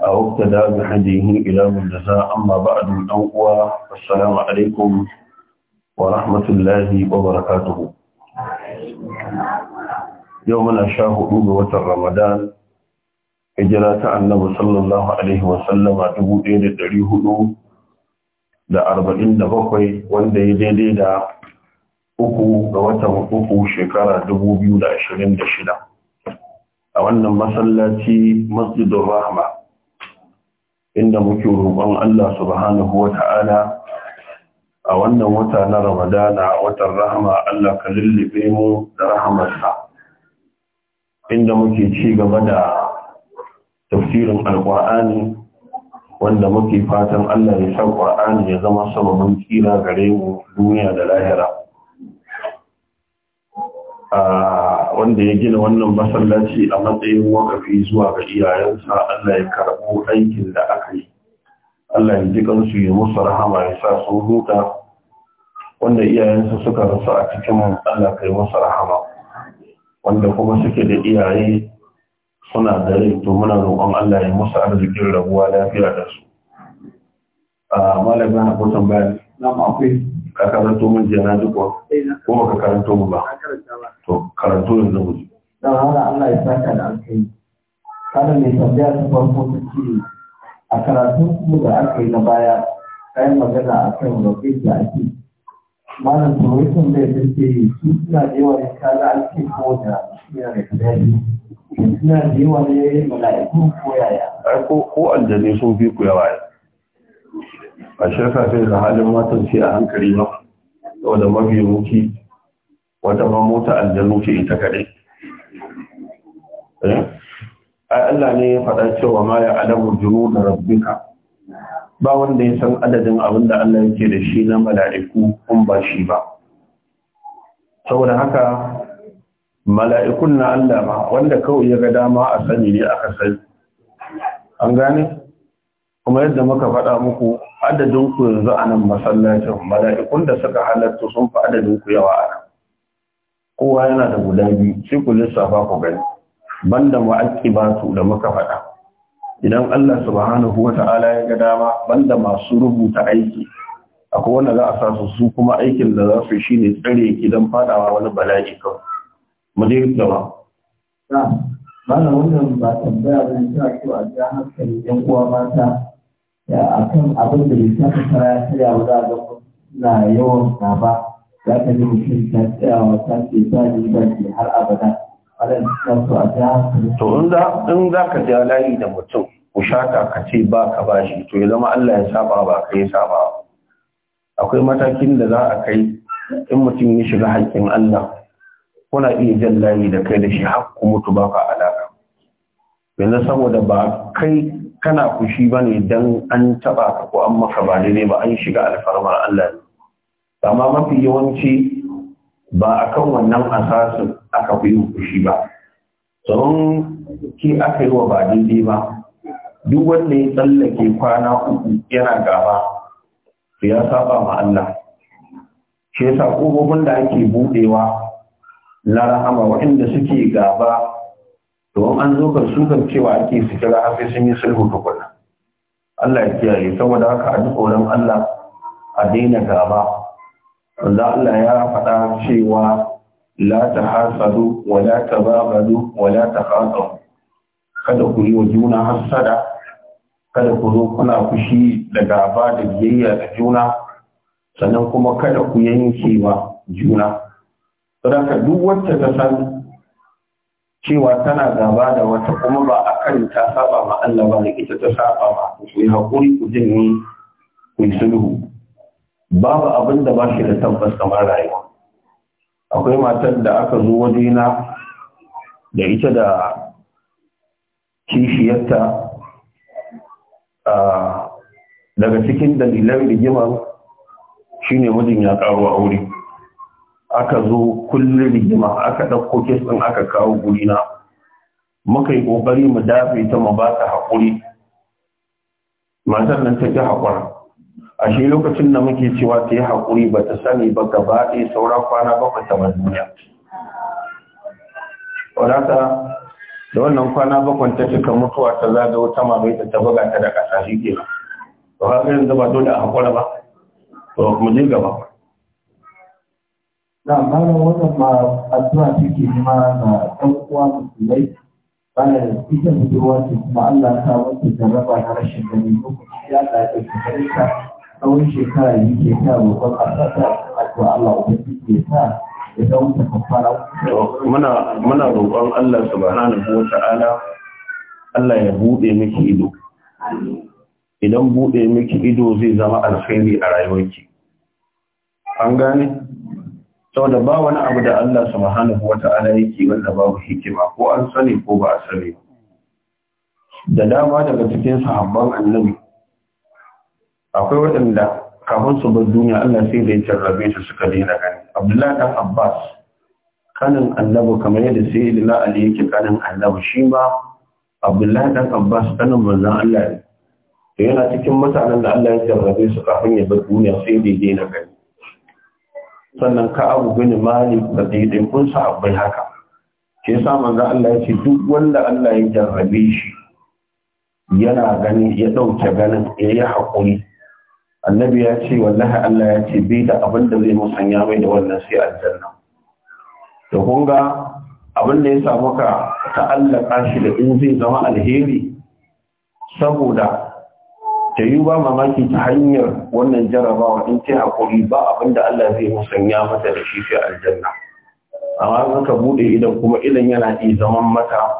a wakta da ga hadihin ilamun da za amma ba a dundan kuwa assalamu alaikum wa rahmatullahi wa barakatuhu yau muna sha hudu ga watan ramadan hijira ta annabi sallallahu alaihi a da hudu da arba'in da bakwai wanda ya daidai da uku ga watan uku shekara dubu biyu da ashirin da shida a wannan masallaci masjidin rahama inda muke roƙon Allah subhanahu wa ta'ala a wannan wata na Ramadana watan rahama Allah ka lullube mu da rahamarsa inda muke ci gaba da tafsirin alƙur'ani wanda muke fatan Allah ya sa ƙur'ani ya zama sababin kira gare mu duniya da lahira ah, wanda ya gina wannan masallaci a matsayin wakafi zuwa ga iyayensa Allah ya karɓo aikin da aka yi Allah ya ji kansu ya musu rahama ya sa sun huta wanda iyayensa suka rasu a cikin Allah kai musu rahama wanda kuma suke da iyaye suna da rai to muna roƙon Allah ya musu arzikin rabuwa lafiya da su a ah, malamin akwai tambaya na akwai ka karanto mun je na wa, ko baka karanto mu ba to karanto yanzu mu ji dan haka Allah ya saka da alkai kada ne tambaya ta farko ta ce a karatun mu da aka yi na baya kai magana akan roƙi da ake malam turoitin da ya ce shi suna da yawa ne da alkai ko da suna da kadari suna da yawa ne mala'iku ko yaya ko aljanni sun fi ku yawa a shirka sai da halin matan sai a hankali ba saboda mafi muki wata ma mota aljanu ce ita kaɗai eh? ai Allah ne ya faɗa cewa ma ya adamu junu da rabbika ba wanda ya san adadin abin da Allah yake da shi na mala'iku kun ba shi ba saboda haka mala'ikun na Allah ma wanda kawai ya ga dama a sani ne aka sani an gane kuma yadda muka faɗa muku adadin ku yanzu a nan masallacin mala'ikun da suka halatta sun fi adadin ku yawa a nan kowa yana da guda biyu sai ku lissafa ku gani banda su da muka faɗa idan Allah subhanahu ta’ala ya ga dama banda masu rubuta aiki akwai wanda za a sa su su kuma aikin da za su shine tsare ki don fadawa wani bala'i kan. mu je gaba ba wannan ba tambaya ne ta so a hankali yan uwa mata a kan abin da bai saka kara ya karya ba za a ga na yawan na ba za ka ji mutum ta tsayawa ta ce ba ni ba ke har abada wannan ta so a ja to in za ka ja layi da mutum ku shaka ka ce ba ka ba shi to ya zama Allah ya saba ba ka ya saba akwai matakin da za a kai in mutum ya shiga haƙƙin Allah kuna iya jan layi da kai da shi har mutu ba ka alaka yanzu saboda ba kai kana kushi ba ne don an taɓa ka ko an maka ba ne ba an shiga alfarmar Allah ne. Amma mafi yawanci ba a kan wannan asasin aka fi yin kushi ba. Tsoron ki aka yi wa ba daidai ba, duk wanda ya tsallake kwana uku yana gaba, ya saba ma Allah. Shi sa ƙofofin da ake buɗewa na rahama waɗanda suke gaba domin an zo kan sukan cewa ake su kira hafi sun yi sulhu tukuna Allah ya kiyaye saboda haka a duk wurin Allah a daina gaba wanda Allah ya faɗa cewa la ta hasadu wa la ta babadu wa la ta hasadu kada ku yi wa juna hasada kada ku zo kuna fushi da gaba da biyayya da juna sannan kuma kada ku yanke wa juna saboda duk wacce ta san cewa tana gaba da wata kuma ba a kan ta saba ma Allah ba ita ta saba ma ku yi haƙuri ku ni ku yi sulhu babu abin da ba shi da tabbas kamar rayuwa akwai matar da aka zo wajena da ita da kishiyarta ah, daga cikin dalilan rigimar shine mijin ya karo aure aka zo kullum rigima aka ɗauko kes ɗin aka kawo gurina muka yi ƙoƙari mu dafe ta mu ba ta haƙuri matar nan ta ƙi haƙura shi lokacin da muke cewa ta yi haƙuri ba ta sani ba gaba ɗaya saura kwana bakwai ta duniya wadata da wannan kwana bakwai ta cika mutuwa ta zaga wata mamaita ta buga ta da ƙasa shi ke ba ba yanzu ba dole a haƙura ba to mu je gaba na bayan wannan ma addu'a take nema ga ɗan uwa musulmai da ita budurwa ce kuma Allah ta wata jarraba na rashin gani ko kuma ya ta ɗauki karinta tsawon shekara yi ke ta roƙon Allah ta addu'a Allah ubangiji ya sa ya ga wata kafara muna muna roƙon Allah subhanahu wata'ala Allah ya buɗe miki ido idan buɗe miki ido zai zama alkhairi a rayuwarki an gane saboda ba wani abu da Allah subhanahu wata'ala yake wanda babu hikima ko an sani ko ba a sani da dama daga cikin sahabban annabi akwai waɗanda kafin su bar duniya Allah sai da ya jarrabe su suka daina gani Abdullahi dan Abbas kanin annabi kamar yadda sai Lila Ali yake kanin annabi shi ma Abdullahi dan Abbas kanin manzon Allah ne yana cikin mutanen da Allah ya jarrabe su kafin ya bar duniya sai da ya daina gani sannan ka abu gani mali da sa sahabbai haka shi yasa manzo Allah ya ce duk wanda Allah ya jarrabe shi yana gani ya dauke ganin ya yi hakuri annabi ya ce wallahi Allah ya ce bai da abin da zai musanya mai da wannan sai aljanna to kun ga abin da ya samu ka ta'allaka shi da in zai zama alheri saboda ta yi ba mamaki ta hanyar wannan jarabawa in ta haƙuri ba abinda Allah zai musanya mata da shi fi aljanna amma in ka buɗe idan kuma idan yana yi zaman mata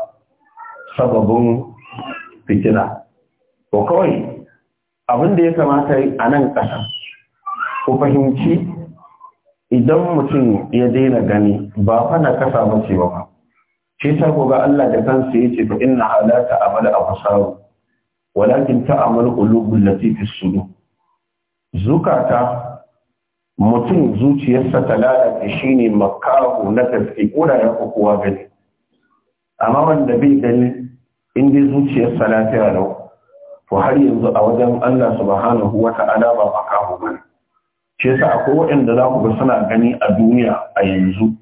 sababin fitina to kawai abinda ya kamata a nan ƙasa ku fahimci idan mutum ya daina gani ba fa na kasa ba ce ba shi ta ga Allah da kansa ya ce fa inna halata a fasaru walakin ta'amal qulubul lati fi sudur zukata mutum zuciyarsa ta lalace shine makahu na gaske koda ya kowa gani amma wanda bai gani in dai zuciyarsa lafiya lau to har yanzu a wajen Allah subhanahu wa ta'ala ba makahu bane shi yasa akwai waɗanda za ku ga suna gani a duniya a yanzu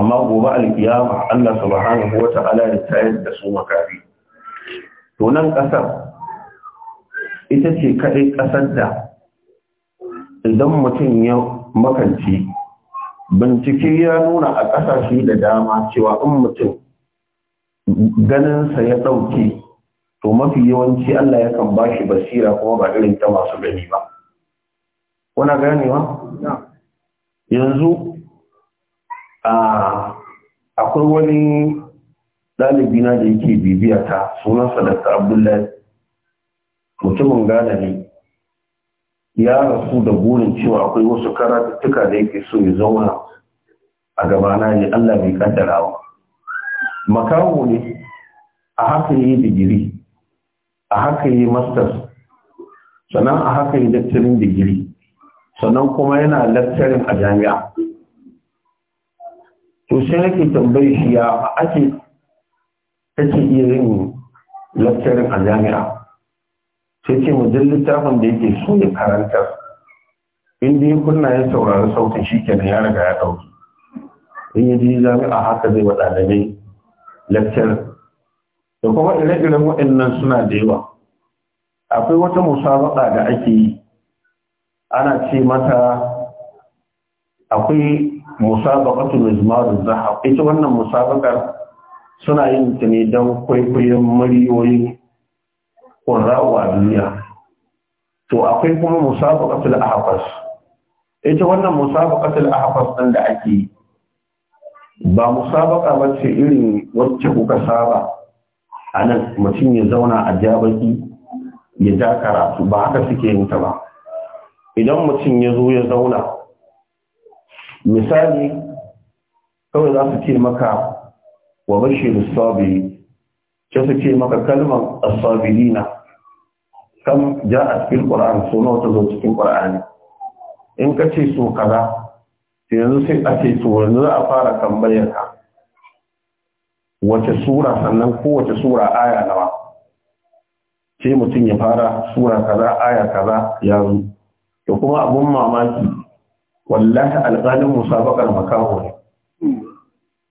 amma gobe alkiyama Allah subhanahu wa ta'ala ya tayar da su makafi to ƙasar ita ce kaɗai ƙasar da idan mutum ya makanci bincike ya nuna a ƙasashe da dama cewa in mutum ganinsa ya ɗauke to mafi yawanci Allah yakan ba shi basira kuma ba irin ta masu gani ba. Kuna ganewa? Yanzu akwai wani na da yake bibiya ta sunansa da abdullahi mutumin gane ne ya rasu da burin cewa akwai wasu karatuttuka da yake so ya zauna a gabana ne allah bai kaddarawa ne a haka yi digiri a haka yi masters sannan a haka yi daktarin digiri sannan kuma yana lakcarin a jami'a to sai nake tambayi shi ya ake take iya yin lakcarin a jami'a sai ce mu jin littafin da yake so ya karantar inda dai kunna ya saurari sautin shi kenan ya riga ya ɗauki in yi jini jami'a haka zai wa ɗalibai lakcarin da kuma ire-iren waɗannan suna da yawa akwai wata musabaka da ake yi ana ce mata akwai musabaqatu mizmaruz zahab ita wannan musabakar suna yin ta ne don kwaikwayon muryoyin ƙwararwa a duniya to akwai kuma ƙasar ahafas. ita wannan ƙasar ahafas din da ake yi ba ba bace irin wacce kuka saba anan mutum ya zauna a jabaki ya ja karatu ba haka suke yin ta ba idan mutum ya zo ya zauna misali kawai za su ce maka wa bashir sabiri ce su ce maka kalmar asabirina kan ja a cikin ƙura'an su na wata zo cikin ƙura'ani in ka ce so kaza sai yanzu sai a ce to yanzu za a fara tambayar ka wace sura sannan kowace sura aya nawa sai mutum ya fara sura kaza aya kaza ya zo Da kuma abun mamaki wallahi alƙalin musabakar makaho ne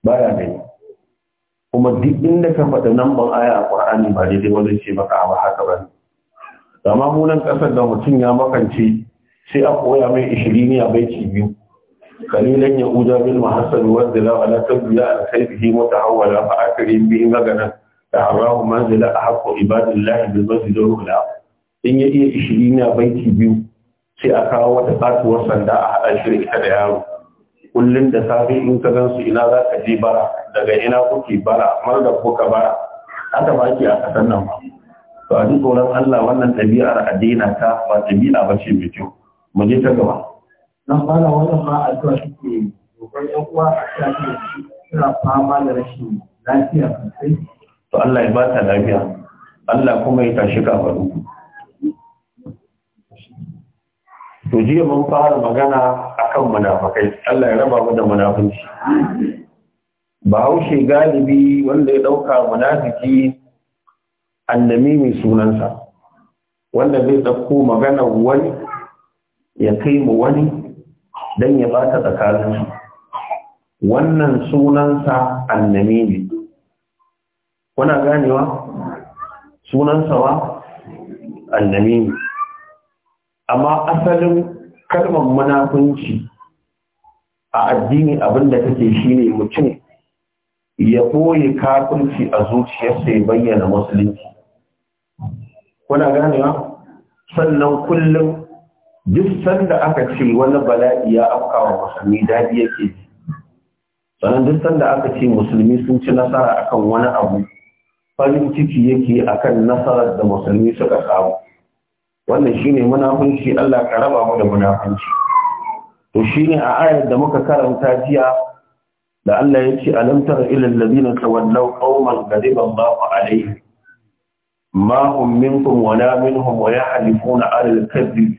Ba ya gani kuma duk inda ka faɗi namban aya a ƙwar'ani ba daidai wani ce maka ba haka ba da munan ƙasar da mutum ya makance sai a koya mai ishirini a baiki biyu kalilan ya uja bil mahassan wadda la ala tabiya al sayfihi mutahawwala fa akrim bihi magana da harahu manzila a haqqu ibadillahi bil masjidil ula in ya iya ishirini a baiki biyu sai a kawo wata katuwar sanda a haɗa shi da yaro kullum da safe in ka gan su ina za ka je bara daga ina kuke bara mar da kuka bara haka ba a ƙasar nan ba to a duk wurin Allah wannan ɗabi'ar addina ta ba ɗabi'a ba ce mai kyau mu je ta gaba nan ba na wannan ma addu'a suke dokar ƴan uwa a shafi suna fama da rashin lafiya sosai to Allah ya ba ta lafiya Allah kuma ya tashi kafaru to jiya mun fara magana akan munafakai Allah ya raba mu da munafunci bahaushe galibi wanda ya dauka munafiki annami mai sunansa wanda zai dauko magana wani ya kai mu wani dan ya bata tsakaninsu wannan sunansa annami ne kuna ganewa sunansa wa annami ne amma asalin kalmar munafunci a addini abinda take shine mutum ya koyi kafirci a zuciyarsa ya bayyana musulunci kuna ganewa sannan kullum duk sanda aka ce wani bala'i ya afkawa musulmi dadi yake ji sannan duk sanda aka ce musulmi sun ci nasara akan wani abu farin ciki yake akan nasarar da musulmi suka samu wannan shine munafunci Allah ka raba mu da munafunci to shine a ayar da muka karanta jiya da Allah ya ce alam tara ila alladhina tawallaw qauman ghadiba Allahu alaihim ma hum minkum wa la minhum wa yahlifuna ala al-kadhib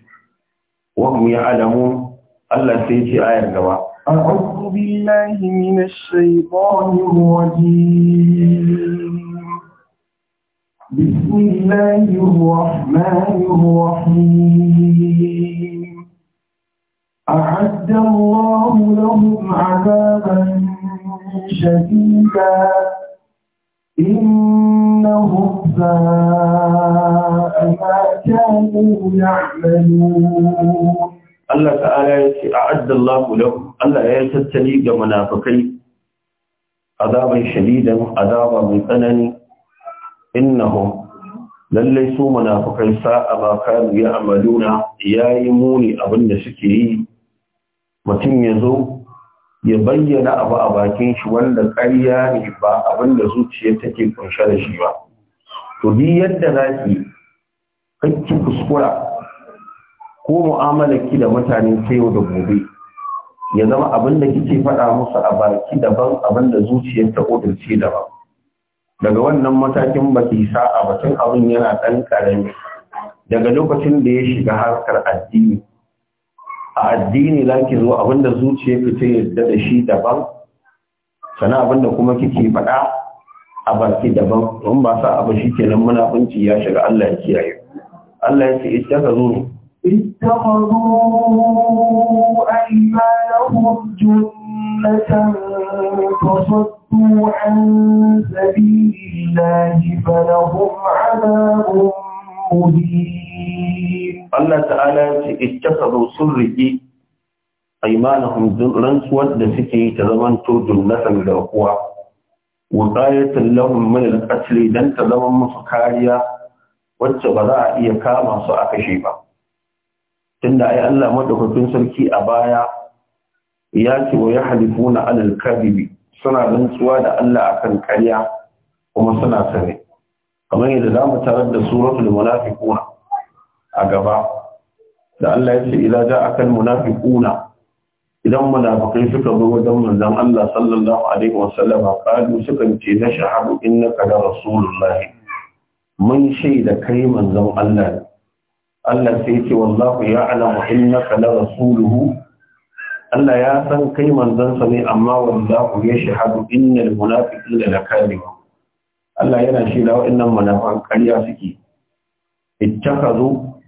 wa hum ya'lamun Allah sai ya ce ayar gaba أعوذ بالله من الشيطان الرجيم بسم الله الرحمن الرحيم أعد الله لهم عذابا شديدا إنهم ساء ما كانوا يعملون الله تعالى أعد الله لهم الله يتتلي منافقين عذابا شديدا عذابا من ثنني innahum lallai su munafukai sa'a ba kanu ya amaluna yayi muni abin da suke yi mutum yazo ya bayyana abu a bakin shi wanda ƙarya ne ba abin da zuciya take kunshe da shi ba to bi yadda zaki kake kuskura ko mu'amalar ki da mutane ta yau da gobe ya zama abin da kike faɗa musu a baki daban abin da zuciyar ta odarci daban daga wannan matakin ba su sa'a ba tun abin yana ɗan ƙarami daga lokacin da ya shiga harkar addini a addini za ki zo abinda zuciya fita yadda da shi daban sana abinda kuma kike faɗa a baki daban don ba sa abu shi kenan munafunci ya shiga Allah ya kiyaye Allah ya ce ittakhadhu ittakhadhu aymanahum junna غفلة فصدوا عن سبيل الله فلهم عذاب مهين الله تعالى اتخذوا سرقي أيمانهم رنسوة لسكي تزمنتو جنة من الأقوى وقاية لهم من القتل دن تزمن مسكاريا واتبراء يكاما سأكشيبا tunda ai Allah madaukakin sarki a baya ya ce wa ya halifu na alal kadibi suna rantsuwa da Allah akan karya kuma suna sare. kamar yadda za mu tarar da suratul munafiquna a gaba da Allah ya ce idan ja'aka akan munafiquna idan munafikai suka zo wajen manzon Allah sallallahu alaihi wasallam qalu suka ce na shahadu innaka la rasulullahi mun shaida kai manzon Allah Allah sai ce wallahu ya'lamu innaka la rasuluhu Allah ya san kai manzansa ne amma wallahu ya shahadu innal munafiqina lakadibu Allah yana shaida waɗannan munafan ƙarya suke ittakazu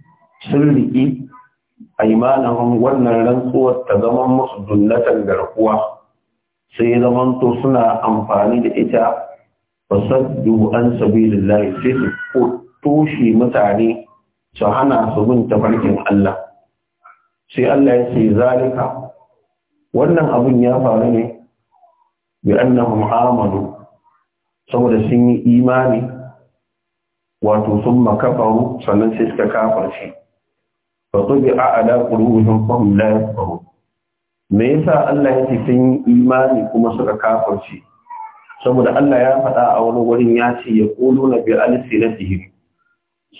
sirriki aimanahum wannan rantsuwar ta zaman musu dullatan garkuwa sai zaman to suna amfani da ita fasaddu an sabilillahi sai su toshe mutane su hana su bin tafarkin Allah sai Allah ya ce zalika wannan abun ya faru ne bi annahum amanu saboda sun yi imani wato sun makafaru sannan sai suka kafarci fa tubi a ala qulubihim fa hum la yafqahun me yasa Allah yake sun yi imani kuma suka kafarci saboda Allah ya faɗa a wani wurin ya ce ya na bi alsinatihim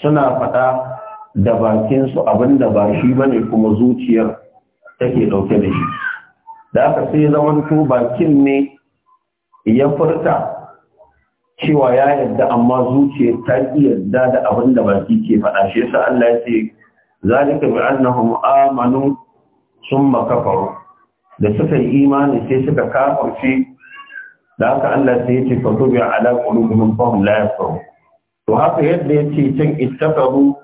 suna faɗa da bakinsu abinda ba shi bane kuma zuciyar take dauke da shi da aka sai zamanto bakin ne ya furta cewa ya yarda amma zuciya ta ƙi yarda da abin da baki ke faɗa shi yasa Allah ya ce zalika bi annahum amanu summa kafaru da suka yi imani sai suka kafirce da haka Allah sai ya ce fa tubi ala qulubihim fa hum la yafqahu to haka yadda ya ce can ittafaru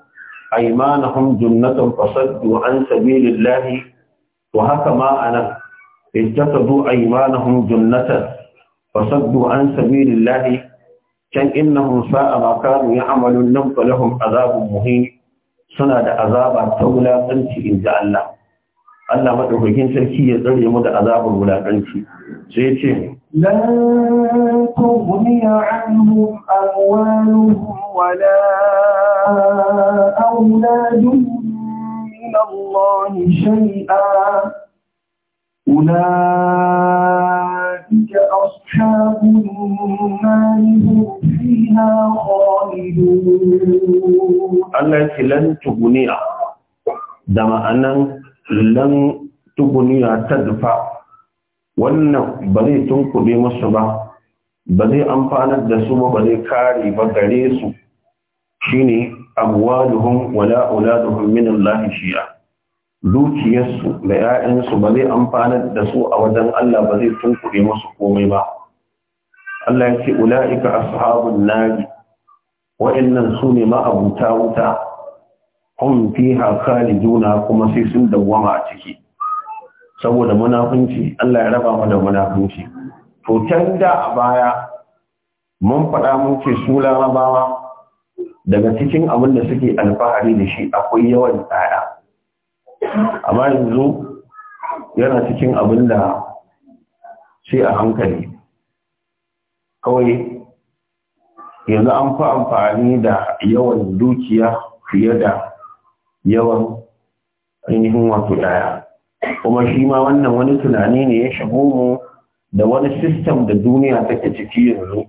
aymanahum junnatan fasaddu an sabilillahi to haka ma anan اتخذوا ايمانهم جنة فصدوا عن سبيل الله كان انهم ساء ما كانوا يعملون لهم فلهم عذاب مهين suna da azaba ta wulaƙanci in ji Allah. Allah maɗaukakin sarki ya tsare mu da azabar wulaƙanci. Sai ya ce, Lan tughniya anhum amwaluhum wala auladuhum min Allah shari'a. أولئك أصحاب النار هم فيها خالدون التي لن تغني دم أن لن تغني تدفع wannan ba zai tunkuɗe masu ba ba zai amfanar da su ba ba zai kare ba gare su shine amwaluhum wala auladuhum shi'a dukiyarsu da ‘ya'yansu ba zai amfana da su a wajen Allah ba zai tunkuɗe masu komai ba. Allah ya ce, Ula'ika ashabun nari, wa'innan su ne ma'abuta wuta, hun fi haka juna kuma sai sun dawwama a ciki. Saboda munafunci, Allah ya raba mu da munafunci. To, can da a baya, mun faɗa mun ce su larabawa daga cikin abin da suke alfahari da shi akwai yawan ɗaya. amma yanzu yana cikin abin da sai a hankali kawai yanzu an fi amfani da yawan dukiya fiye da yawan ainihin wato daya kuma shi ma wannan wani tunani ne ya shigo mu da wani sistem da duniya take ciki yanzu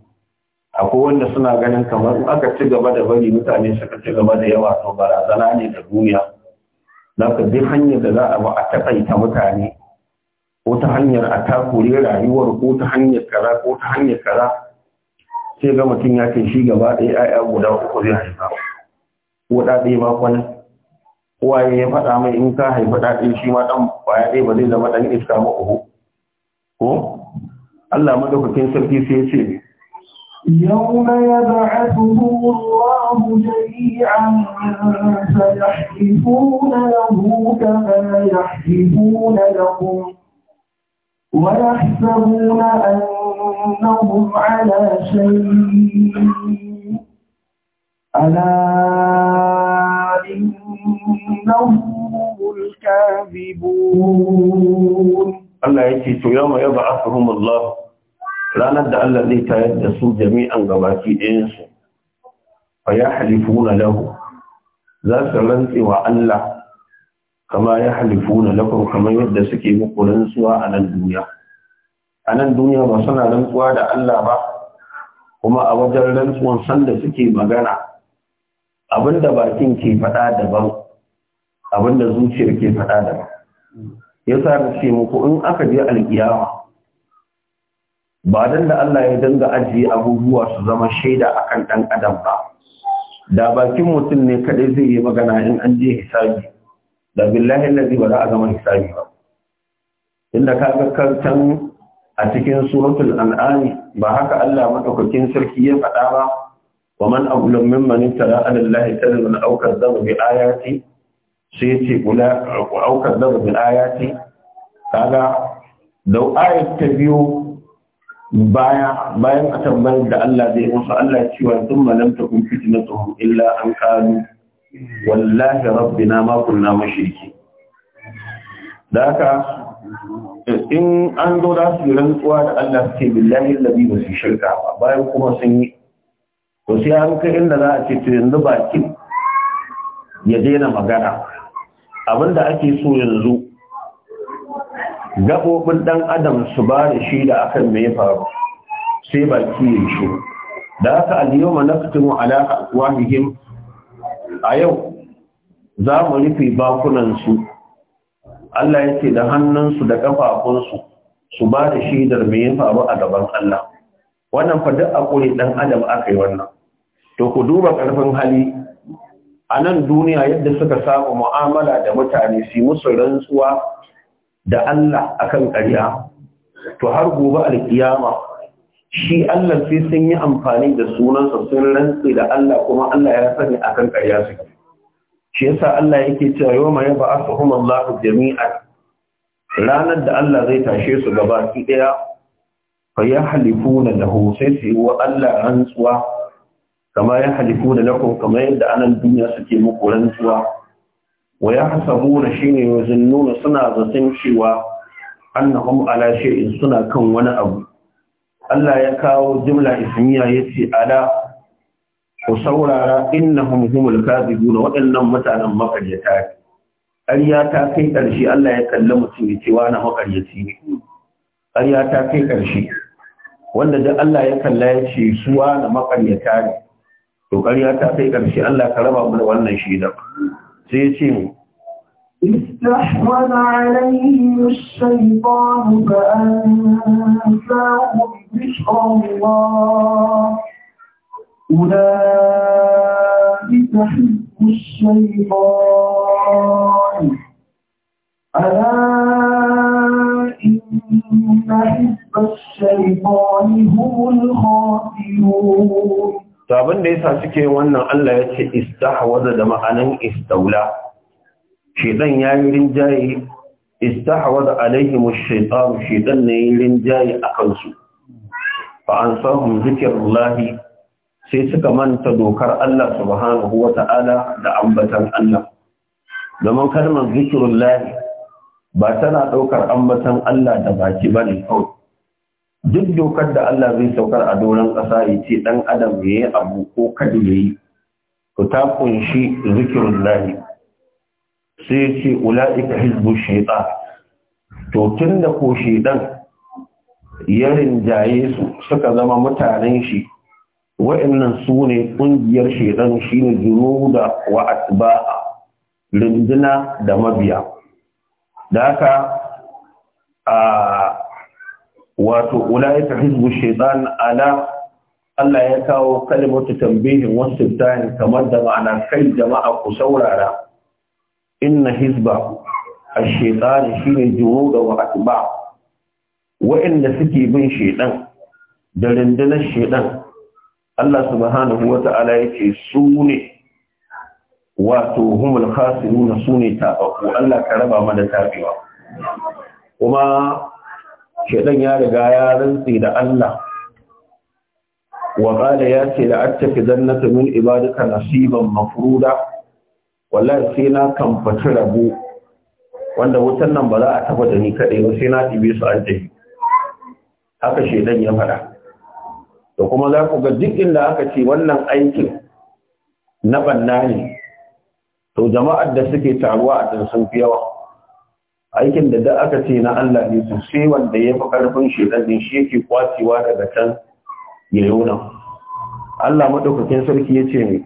akwai wanda suna ganin kamar aka ci gaba da bari mutane suka ci gaba da yawa to barazana ne da duniya za ka hanyar da za a ba a taƙaita mutane ko ta hanyar a takure rayuwar ko ta hanyar kaza ko ta hanyar kaza sai ga mutum ya kai shi gaba ɗaya ya'ya guda uku zai haifa ko ɗa ɗaya ba kwana waye ya faɗa mai in ka haifa ɗa ɗaya shi ma ɗan ƙwaya ɗaya ba zai zama ɗan iska ma uku ko Allah madaukakin sarki sai ya ce يوم يبعثهم الله جميعا فيحلفون له كما يحلفون لهم ويحسبون أنهم على شيء ألا إنهم الكاذبون الله يكي يوم يبعثهم الله ranar da Allah zai tayar da su jami'an gabaki ɗayansu fa ya halifuna lahu za su rantse wa Allah kama ya halifuna lakum kamar yadda suke muku rantsuwa a nan duniya a nan duniya ba suna rantsuwa da Allah ba kuma a wajen rantsuwan sanda suke magana abinda bakin ke faɗa daban abinda zuciyar ke faɗa daban Ya yasa ce muku in aka je alkiyawa ba don da Allah ya danga ajiye abubuwa su zama shaida a kan ɗan adam ba da bakin mutum ne kaɗai zai yi magana in an je hisabi da billahi allazi ba za a zama hisabi ba inda ka ga kantan a cikin suratul an'ami ba haka Allah maɗaukakin sarki ya faɗa ba ومن أظلم ممن افترى على الله كذبا أو كذب بآياتي سيتي zama أو كذب بآياتي da ayat ta biyu. baya bayan a tambayar da Allah zai musu Allah cewa sun malamta kun tsohon illa an kalu wallahi rabbina ma kunna mushriki da haka in an zo da su rantsuwa da Allah ce billahi allazi ba su shirka ba bayan kuma sun yi to sai an kai inda za a ce to yanzu bakin ya daina magana abinda ake so yanzu gaɓoɓin ɗan adam su ba da shi da akan ya faru sai baki ya shi da haka al na fitimu ala wahihim a yau za mu rufe su. Allah yake da hannun su da ƙafafunsu su ba da shaidar ya faru a gaban Allah wannan fa duk akuri dan adam aka wannan to ku duba ƙarfin hali a nan duniya yadda suka samu mu'amala da mutane su musu rantsuwa da Allah akan ƙarya to har gobe alkiyama shi Allah sai sun yi amfani da sunansa sun rantse da Allah kuma Allah ya sani akan ƙarya su shi yasa Allah yake cewa su yab'athuhum Allah jami'a ranar da Allah zai tashe su gaba ki daya fa halifuna lahu sai su yi wa Allah rantsuwa kama yahlifuna lakum kamar yadda anan duniya suke muku rantsuwa wa ya shi ne wajen nuna suna zaton cewa annahum ala shay'in suna kan wani abu Allah ya kawo jumla ismiya yace ala ku saurara innahum humul kadhibuna waɗannan mutanen makaryata ƙarya ta kai ƙarshe Allah ya kalli mutum ya ce na makaryaci ne ƙarya ta kai ƙarshe wanda duk Allah ya kalla ya ce su wani makaryata ne to ƙarya ta kai ƙarshe Allah ka raba mu da wannan shaidar sai ce استحوذ عليهم الشيطان فأنساهم ذكر الله أولئك حزب الشيطان ألا إن حزب الشيطان هم الخاسرون Sabon da da yasa suke wannan Allah ya ce istahwaza da ma'anan istaula shedan yayin rinjaye istahwaza alaihim ash-shaytan shedan ne rinjaye akan su fa ansahum zikrullahi sai suka manta dokar Allah subhanahu wata'ala da ambatan Allah domin kalmar zikrullahi ba tana daukar ambatan Allah da baki bane kawai duk dokar da Allah zai saukar a doron ƙasa ya ce ɗan adam ya yi abu ko kada ya yi to ta ƙunshi zikirun lahi sai ya ce ula'ika hizbu shaiɗa to tun da ko shaiɗan ya rinjaye su suka zama mutanen shi wa'annan su ne ƙungiyar shaiɗan shi ne da wa atba'a rinduna da mabiya da haka a wato ta hizbu shaytan ala Allah ya kawo kalmatu tambihin wasu tani kamar da ma'ana kai jama'a ku saurara inna hizba ash-shaytan shine junuda wa atba wa'inda suke bin shaytan da rundunar shaytan Allah subhanahu wata'ala ce su ne wato humul khasiruna su ne tabaku Allah ka raba mu da tabewa kuma shedan ya riga ya rantsi da Allah wa qala ya ce la attafi jannata min ibadika nasiban mafruda wallahi sai na kan fata rabu wanda wutan nan ba za a tafa da ni kadai ba sai na dibe su an tafi haka shedan ya faɗa. To kuma za ku ga duk inda aka ce wannan aikin na banna ne to jama'ar da suke taruwa a sun fi yawa aikin da da aka ce na Allah ne su sai wanda ya fi karfin shedanin shi yake kwacewa daga can ya yi Allah maɗaukakin sarki ya ce mai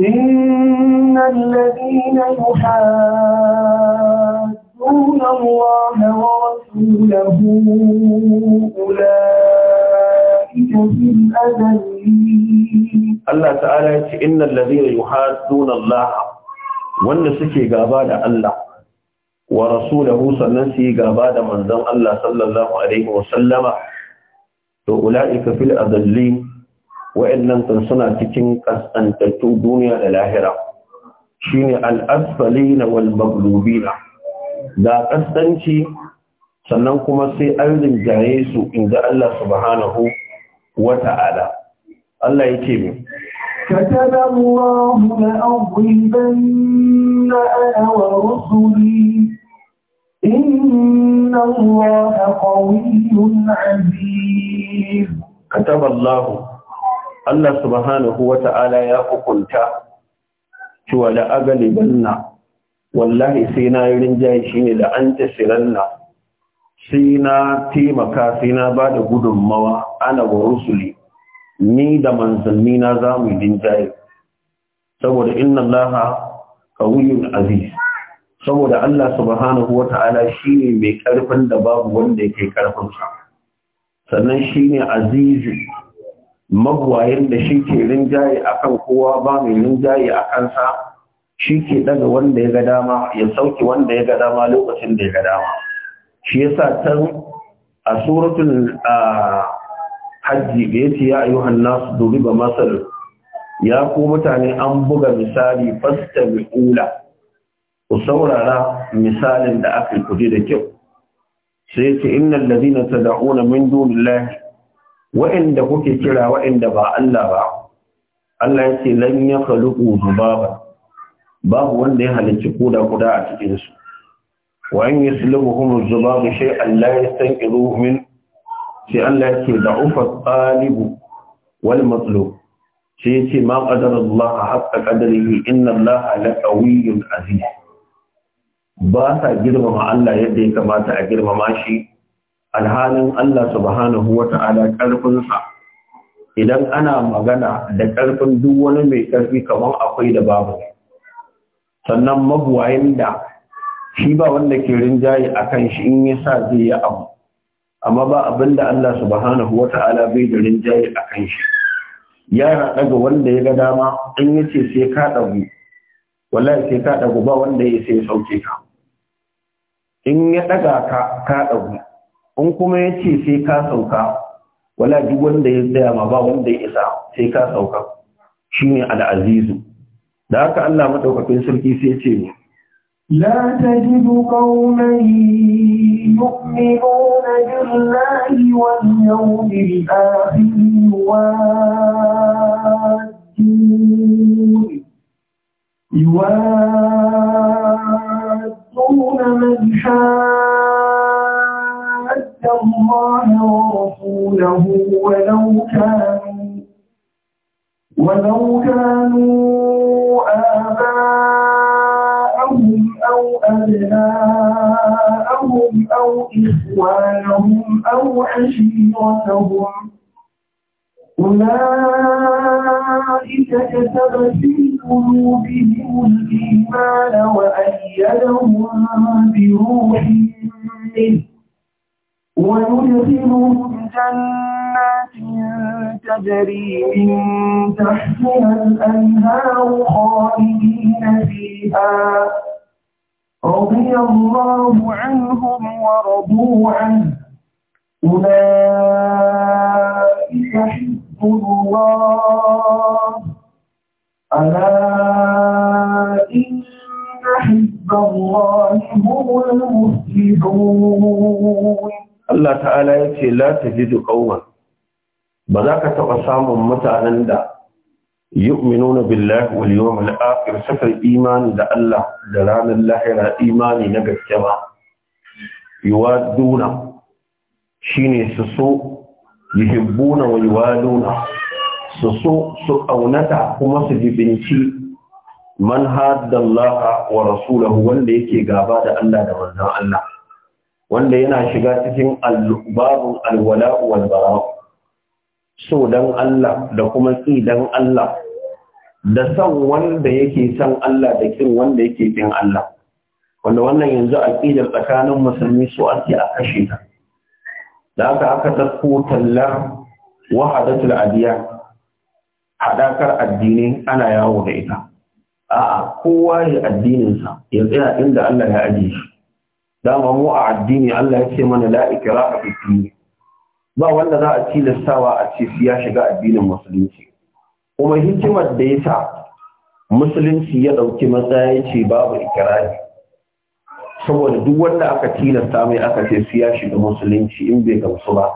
إن الذين يحادون الله ورسوله أولئك في الأذلين الله تعالى إن yuha يحادون الله wanda suke gaba da Allah wa rasulahu sannan su yi gaba da manzan Allah sallallahu alaihi wa sallama to ula'ika fil adalli wa'annan kan suna cikin kasantattu duniya da lahira shine al-asfalina wal maglubina da kasanci sannan kuma sai an rinjaye su inda Allah subhanahu wa ta'ala Allah yake min كتب الله لأضربن أنا ورسلي إن الله قوي عزيز Allah الله الله سبحانه وتعالى يا حكمتا cewa la agalibanna wallahi sai na yi rinjaye shine da an tasiranna sai na taimaka sai na bada gudummawa, ana wa rusuli ni da manzanni na za mu rinjaye saboda inna'laha allaha qawiyyun aziz saboda Allah subhanahu wa ta'ala shi ne mai ƙarfin da babu wanda yake ƙarfinsa sannan shi ne azizu magwayin da shi ke rinjaye a kan kowa ba mai rinjaye a kansa shi ke daga wanda ya ga dama ya sauke wanda ya ga dama lokacin da ya ga dama shi ya sa ta a a hajji da yace ya su nas ba Masar, ya ku mutane an buga misali fastabi'ula ku saurara misalin da aka yi kudi da kyau sai yake innal ladina tad'una min dunillahi wa'inda kuke kira wa'inda ba Allah ba Allah yake lan yakhluqu zubaba babu wanda ya halicci koda guda a cikin su wa an yaslubuhum zubabu shay'an la yastanqiruhu min sai Allah yake da'ufa talibu wal matlub sai yace ma qadara Allah haqqa qadarihi inna Allah la qawiyyun aziz ba sa girmama Allah yadda ya kamata a girmama shi alhalin Allah subhanahu wa ta'ala ƙarfinsa idan ana magana da ƙarfin duk wani mai ƙarfi kamar akwai da babu sannan mabuwayin da shi ba wanda ke rinjaye a kan shi in ya sa zai yi abu amma ba abin da Allah subhanahu wa ta'ala bai da rinjaye a kan shi yara ɗaga wanda ya ga dama in ya ce sai ka ɗagu wallahi sai ka ɗagu ba wanda ya sai sauke ka in ya ɗaga ka ka ɗauki. in kuma ya ce sai ka sauka wala duk wanda ya tsaya ma ba wanda ya isa sai ka sauka shine al al'azizu. da haka Allah madaukakin sarki sai ce ne لا تجد قوما يؤمنون بالله واليوم الآخر يوادون يوادون من حاد الله ورسوله ولو كانوا ولو كانوا آباءهم أو أبناءهم أو إخوانهم أو عشيرتهم أولئك كتب في قلوبهم الإيمان وأيدهم بروح منه ويدخلهم جنات تجري من تحتها الأنهار خالدين فيها رضي الله عنهم ورضوا عنه أولئك الله ألا إن حزب الله هو المفلحون الله تعالى يقول لا تجد قوما بذاك تقسام متعنا دا يؤمنون بالله واليوم الآخر سفر إيمان دا الله دلان الله لا إيمان نجد كما يوادون شيني سسوء yuhibbuna wa yuwaluna su so su ƙaunata kuma su jibinci man haddallaha wa rasulahu wanda yake gaba da Allah da manzon Allah wanda yana shiga cikin al-babun al-wala wal so dan Allah da kuma ƙi dan Allah da san wanda yake san Allah da kin wanda yake kin Allah wanda wannan yanzu aqidar tsakanin musulmi su ake a kashe ta da aka aka ɗauko tallar wahadatul adiya Hadakar addini ana yawo da ita a'a kowa ya addininsa ya tsaya inda Allah ya aje shi dama mu a addini Allah ya ce mana la ikraha fi din ba wanda za a tilastawa a ce ya shiga addinin musulunci kuma hikimar da yasa musulunci ya dauki matsayi ce babu ikrahi saboda duk wanda aka tilasta mai aka ce su ya shiga musulunci in bai gamsu ba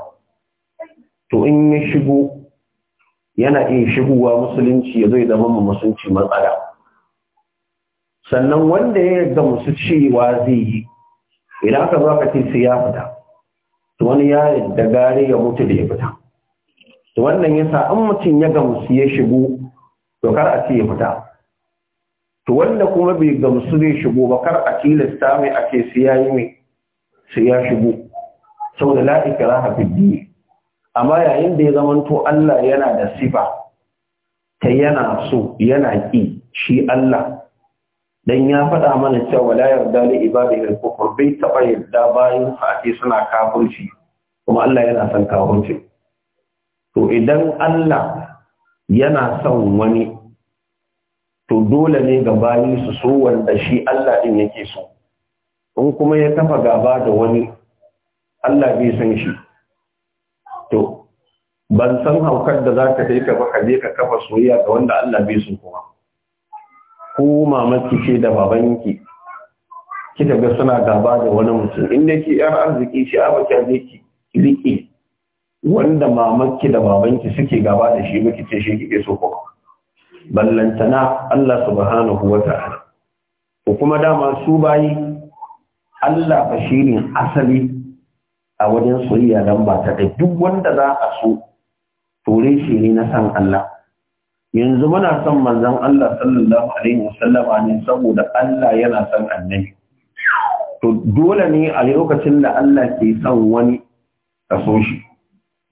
to in ya shigo yana iya shigowa musulunci ya zai zama musulunci matsala sannan wanda ya gamsu cewa zai yi idan aka zo aka ce su ya fita to wani ya da gare ya mutu da ya fita to wannan yasa in mutum ya gamsu ya shigo to kar a ce ya fita to wanda kuma bai gamsu zai shigo ba kar a tilasta mai ake ce sai mai sai ya shigo sau da ikraha fi din amma yayin da ya zamanto Allah yana da sifa ta yana so yana ƙi, shi Allah dan ya faɗa mana cewa la yarda li ibadihi al-kufr bai taɓa yarda bayan sa ake suna kafirci kuma Allah yana son kafirci to idan Allah yana son wani to dole ne ga bayi su so wanda shi Allah din yake so in kuma ya kafa gaba da wani Allah bai san shi to ban san haukar da zaka kai ka ba ka je ka kafa soyayya ga wanda Allah bai so kuma ko mamaki ce da babanki ki ga suna gaba da wani mutum inda ke yar arziki shi a baki ne ki rike wanda mamaki da babanki suke gaba da shi miki ce shi kike so kuma? ballantana Allah subhanahu wa ta'ala ko kuma dama su bayi Allah fa shine asali a wajen soyayya dan ba ta da duk wanda za a so tore shi ne na san Allah yanzu muna son manzon Allah sallallahu alaihi wasallam ne saboda Allah yana son annabi to dole ne a lokacin da Allah ke son wani kasoshi. so shi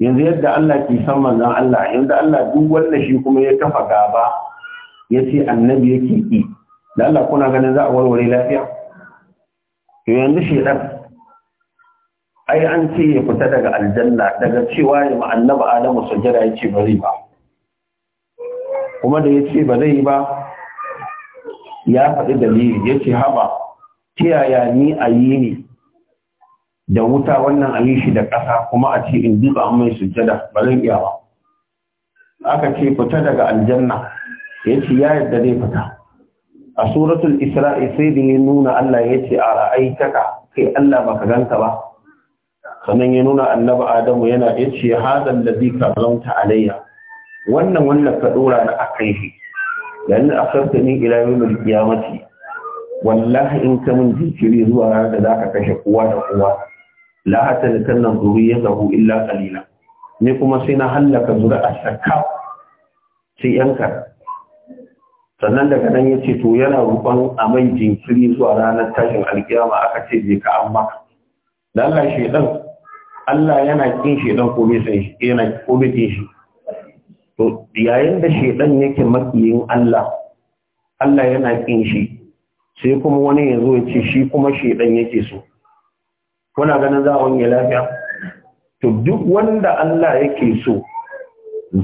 yanzu yadda Allah ke san manzon Allah yanzu Allah duk wanda shi kuma ya kafa gaba ya ce annabi yake yi da Allah kuna ganin za a warware lafiya to yanzu shedan ai an ce ya fita daga aljanna daga cewa ya ma annabi Adamu sujjada yace ba zai ba kuma da yace ba zai ba ya faɗi dalili yace haba ta yaya ni a ne da wuta wannan a shi da ƙasa kuma a ce in duba mai sujjada ba zan iya ba aka ce fita daga aljanna ya ce ya yadda zai fita a suratul isra'i sai da ya nuna Allah ya ce a ra'aitaka kai Allah ba baka ganta ba sannan ya nuna annabi adamu yana ya ce hadan ka karamta alayya wannan wannan ka dora na kai shi yanzu akartani ila yawmil qiyamati wallahi in ka mun jikiri zuwa ranar da ka kashe kowa da kowa la atalikan nan zuriyatahu illa qalila ne kuma sai na halaka zuri'a sakka sai yanka sannan daga nan yace to yana rufan amai jinkiri zuwa ranar tashin alkiyama aka ce je ka amma dan Allah shedan Allah yana kin shedan ko bai san shi yana ko bai kin shi to yayin da shedan yake makiyin Allah Allah yana kin shi sai kuma wani yazo ya ce shi kuma shedan yake so kuna ganin za a wani lafiya to duk wanda Allah yake so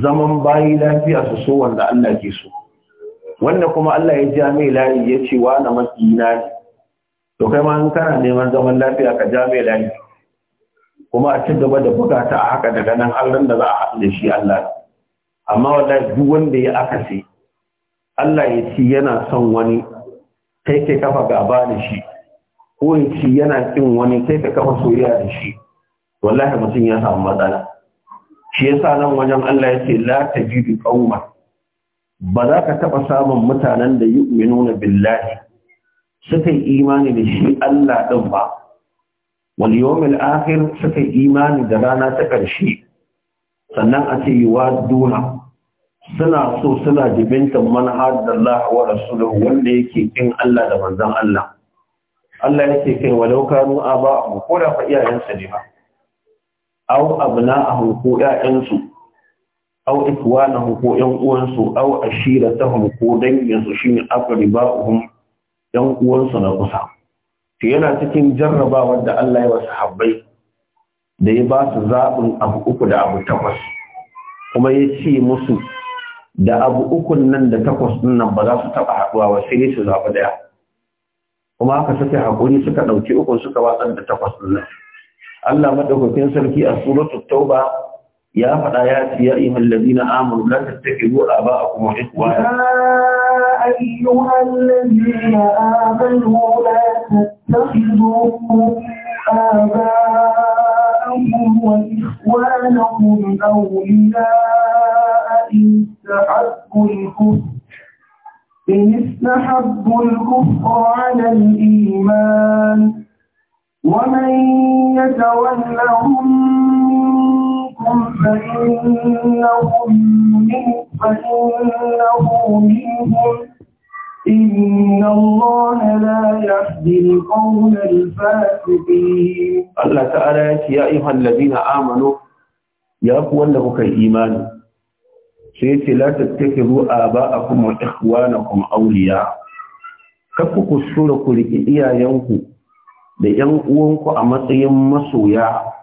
zaman bayi lafiya su so wanda Allah ke so wanda kuma Allah ya ja mai layi ya ce wa na makina to kai ma an kana neman zaman lafiya ka ja mai layi kuma a da gaba da bukata a haka daga nan har da za a haɗu da shi Allah amma wallahi duk wanda ya aka akasi Allah ya ci yana son wani kai ke kafa gaba da shi ko ya ci yana kin wani sai ka kafa soyayya da shi wallahi mutum ya samu matsala shi yasa nan wajen Allah yake la tajidu qauma ba za ka taba samun mutanen da yu'minuna billahi suka yi imani da shi Allah din ba wal yawmil akhir suka yi imani da rana ta karshe sannan a ce yuwaduna suna so suna jibintan manhajar Allah wa rasuluhu wanda yake kin Allah da manzon Allah Allah yake kai walau kanu aba'ahum ko da fa iyayensa ne ba aw abna'ahu ko iyayensu aw ikwanahu ko yan uwansu aw ashiratahum ko danginsu shine aqriba'uhum yan uwansu na kusa to yana cikin jarrabawar da Allah ya wa sahabbai da ya ba su zaɓin abu uku da abu takwas kuma ya ce musu da abu ukun nan da takwas nan ba za su taɓa haɗuwa ba sai su zaɓi ɗaya kuma aka suka haƙuri suka ɗauki uku suka watsar da takwas nan Allah madaukakin sarki a suratul tauba ya faɗa ya ce ya ayyuhal ladina amanu la tattakibu aba'akum wa ikhwana ya ayyuhal ladina amanu la tattakibu aba'akum wani ikhwanakum awliya in tahaqqu al-kufr إن استحبوا الكفر على الإيمان ومن يتولهم منكم فإنهم من فإنه منهم إن الله لا يهدي القول الفاسقين الله تعالى يا أيها الذين آمنوا يا أخوان لك الإيمان sai ce la tattakiru aba'akum wa ikhwanakum awliya kaku kusura ku ku riki iyayenku da 'yan uwanku a matsayin masoya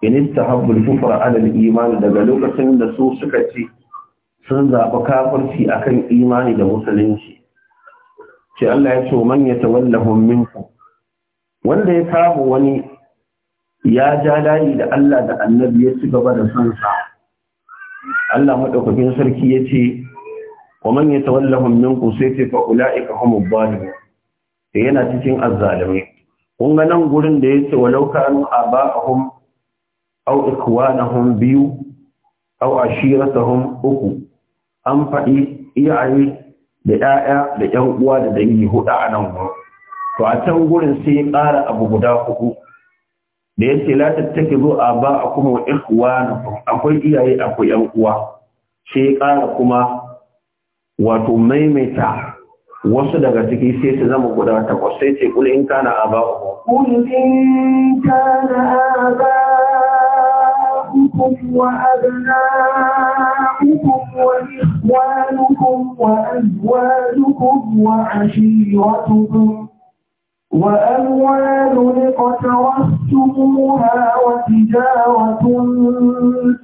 in istahabbul kufra ala al-iman daga lokacin da su suka ce sun zaɓi kafirci akan imani da musulunci ce Allah ya ce man yatawallahum minku. wanda ya kama wani ya ja layi da Allah da Annabi ya ci gaba da son sa Allah madaukakin sarki yace wa man yatawallahum minkum sayfi fa ulaika humul zalimun da yana cikin azzalimi kun ga nan gurin da yace walau kanu aba'ahum aw ikwanahum biyu aw ashiratahum uku an faɗi iyaye da 'ya'ya da 'yan uwa da dangi huɗu a nan gurin to a can gurin sai ya ƙara abu guda huɗu da yake la kuma aba'akum na ikhwanakum akwai iyaye akwai yan uwa sai ƙara kuma wato maimaita wasu daga ciki sai su zama guda takwas sai ce kul in kana aba'ukum kul in kana aba'ukum wa abna'ukum wa ikhwanukum wa azwajukum wa ashiratukum وأموال اقترفتموها وتجارة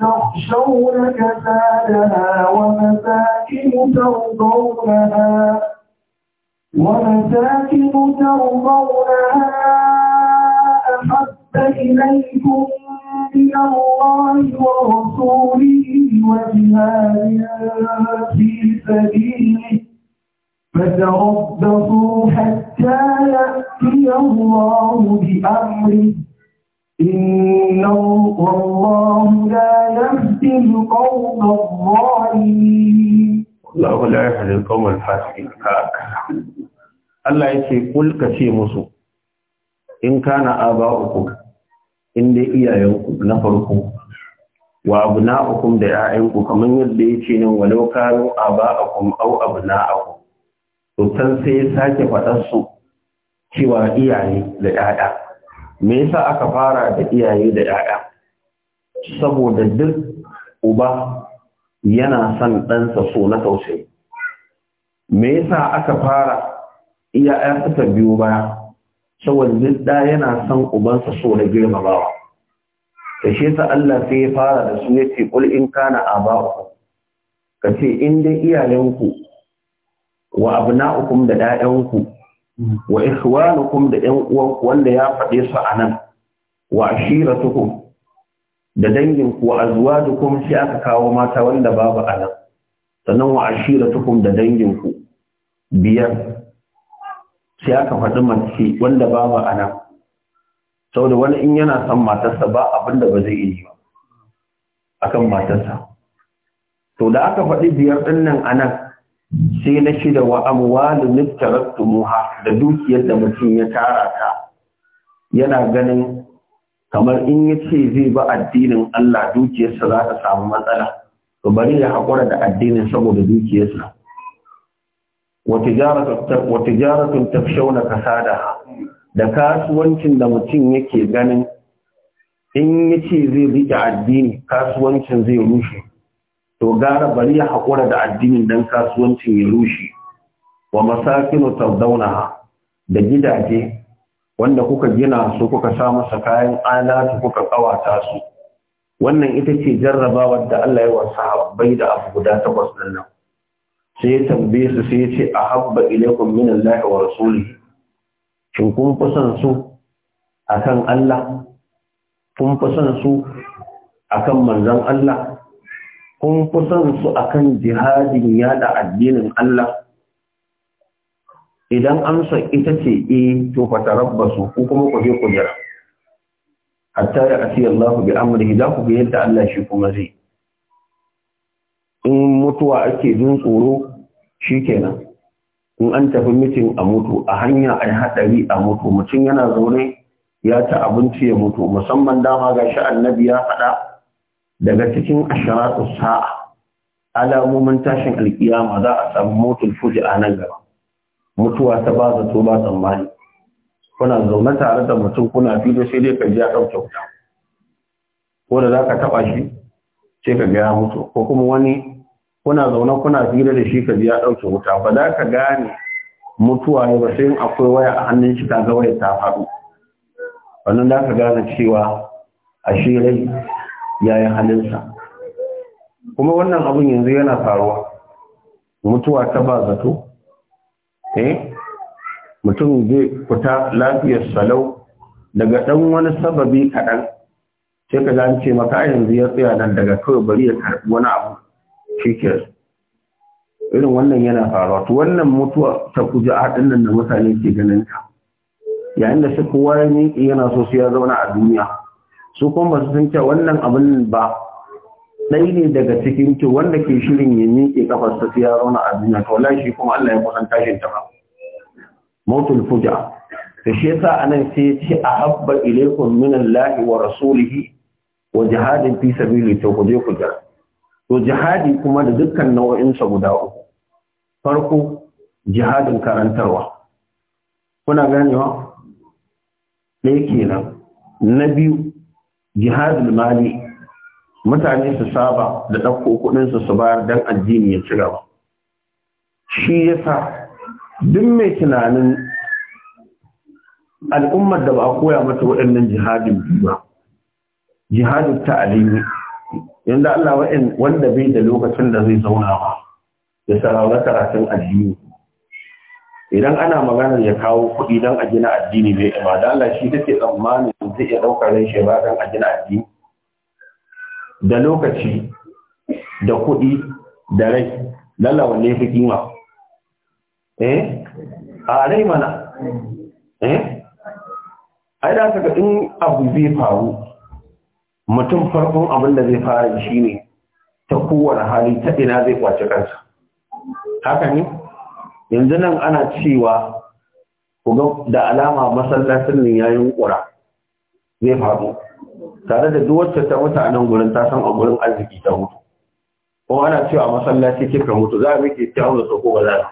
تخشون كسادها ومساكن ترضونها ومساكن ترضونها أحب إليكم من الله ورسوله وجهاد في سبيله فتربصوا حتى يأتي الله بأمره إنه والله لا يهدي القوم الظالمين الله لا يهدي القوم الفاسقين Allah yake kulka ce musu in kana aba'ukum in dai iyayenku na farko wa abna'ukum da 'ya'yanku kamar yadda yake nan walau kanu aba'akum aw abna'akum to can sai ya sake faɗar su cewa iyaye da ƴaƴa me yasa aka fara da iyaye da ƴaƴa saboda duk uba yana son ɗansa so na tausayi me yasa aka fara iyaye suka biyo baya saboda duk ɗa yana son ubansa so na girmamawa da shi sa Allah sai ya fara da su yace kul in kana a Ka ce in dai iyayenku wa abna'ukum da ƴaƴanku wa ikhwanukum da ƴan uwanku wanda ya faɗe su anan wa ashiratukum da danginku wa azwajukum sai aka kawo mata wanda babu anan sannan wa ashiratukum da danginku biyar sai aka faɗi mace wanda babu anan saboda wani in yana son matarsa ba abinda ba zai yi akan matarsa to da aka faɗi biyar ɗin nan anan sai na shida wa amwalu niftaratumuha da dukiyar da mutum ya tara ta yana ganin kamar in ya ce zai ba addinin Allah dukiyarsa za ta samu matsala to bari ya haƙura da addinin saboda dukiyarsa wa tafshau na kasada da kasuwancin da mutum yake ganin in ya ce zai riƙe addini kasuwancin zai rushe to gara bari ya haƙura da addinin dan kasuwancin ya rushe wa masakinu tardaunaha da gidaje wanda kuka gina su kuka sa masa kayan alatu kuka kawata su wannan ita ce jarrabawar da Allah ya wasa bai da abu guda takwas din nan sai ya tambaye sai ya ce ahabba ilaikum min Allah wa rasulihi shin kun fi son su akan Allah kun fi son su akan manzon Allah kun fi son su akan jihadin yada addinin Allah idan amsa ita ce e to fa su, ko kuma ku je ku jira hatta ya ati Allah bi amrihi za ku ga yadda Allah shi kuma zai in mutuwa ake jin tsoro shikenan in an tafi mitin a mutu a hanya ai haɗari a mutu mutum yana zaune ya ta abinci ya mutu musamman dama ga shi annabi ya faɗa daga cikin asharatu sa'a alamomin tashin alkiyama za a samu motul fuji a nan gaba mutuwa ta ba zato ba tsammani kuna zaune tare da mutum kuna fito sai dai ka ji ya ɗauke wuta ko da za ka taɓa shi sai ka ga ya mutu ko kuma wani kuna zaune kuna fira da shi ka ji ya ɗauke wuta ba za ka gane mutuwa ne ba sai akwai waya a hannun shi ga waya ta faɗo wannan za ka gane cewa a shi rai yayin halinsa kuma wannan abin yanzu yana faruwa mutuwa ta ba zato eh mutum zai fita lafiyar salau daga ɗan wani sababi kaɗan sai ka zan ce maka yanzu ya tsaya nan daga kawai bari ya karɓi wani abu shi irin wannan yana faruwa to wannan mutuwa ta kuji a haɗin da mutane ke ganin ta yayin da shi kowa ya miƙe yana so su ya zauna a duniya su kuma ba su san cewa wannan abin ba ɗai ne daga cikin ki wanda ke shirin ya miƙe kafar sa siya ya a duniya to wallahi shi kuma Allah ya kusan tashin ta ba mutul fuja da shi yasa anan sai ya ce habba ilaykum min Allah wa rasulihi wa jihadin fi sabili to ku je ku ga to jihadi kuma da dukkan nau'in sa guda uku farko jihadin karantarwa kuna ganewa ɗaya kenan na biyu jihadul mali mutane su saba da ɗauko kuɗinsu su su bayar dan addini ya ci gaba shi yasa duk mai tunanin al'ummar da ba a koya mata waɗannan jihadin ba jihadin ta'alimi yanda Allah wanda bai da lokacin da zai zauna ba ya sarawar karatun addini idan ana maganar ya kawo kuɗi don a gina addini bai ima da Allah shi take tsammanin zai iya ɗaukar ran shi ba don a gina addini da lokaci da kuɗi da rai lalla wanne fi kima eh a rai mana eh ai da saka in abu zai faru mutum farkon abin da zai fara shi ne ta kowane hali ta ina zai kwace kansa haka ne yanzu nan ana cewa da alama masallacin ne yayin ƙura zai faɗo tare da duwacce ta mutu a nan gurin ta san a gurin arziki ta mutu ko ana cewa masallaci kika mutu za a miki kyawun da sauko ba za a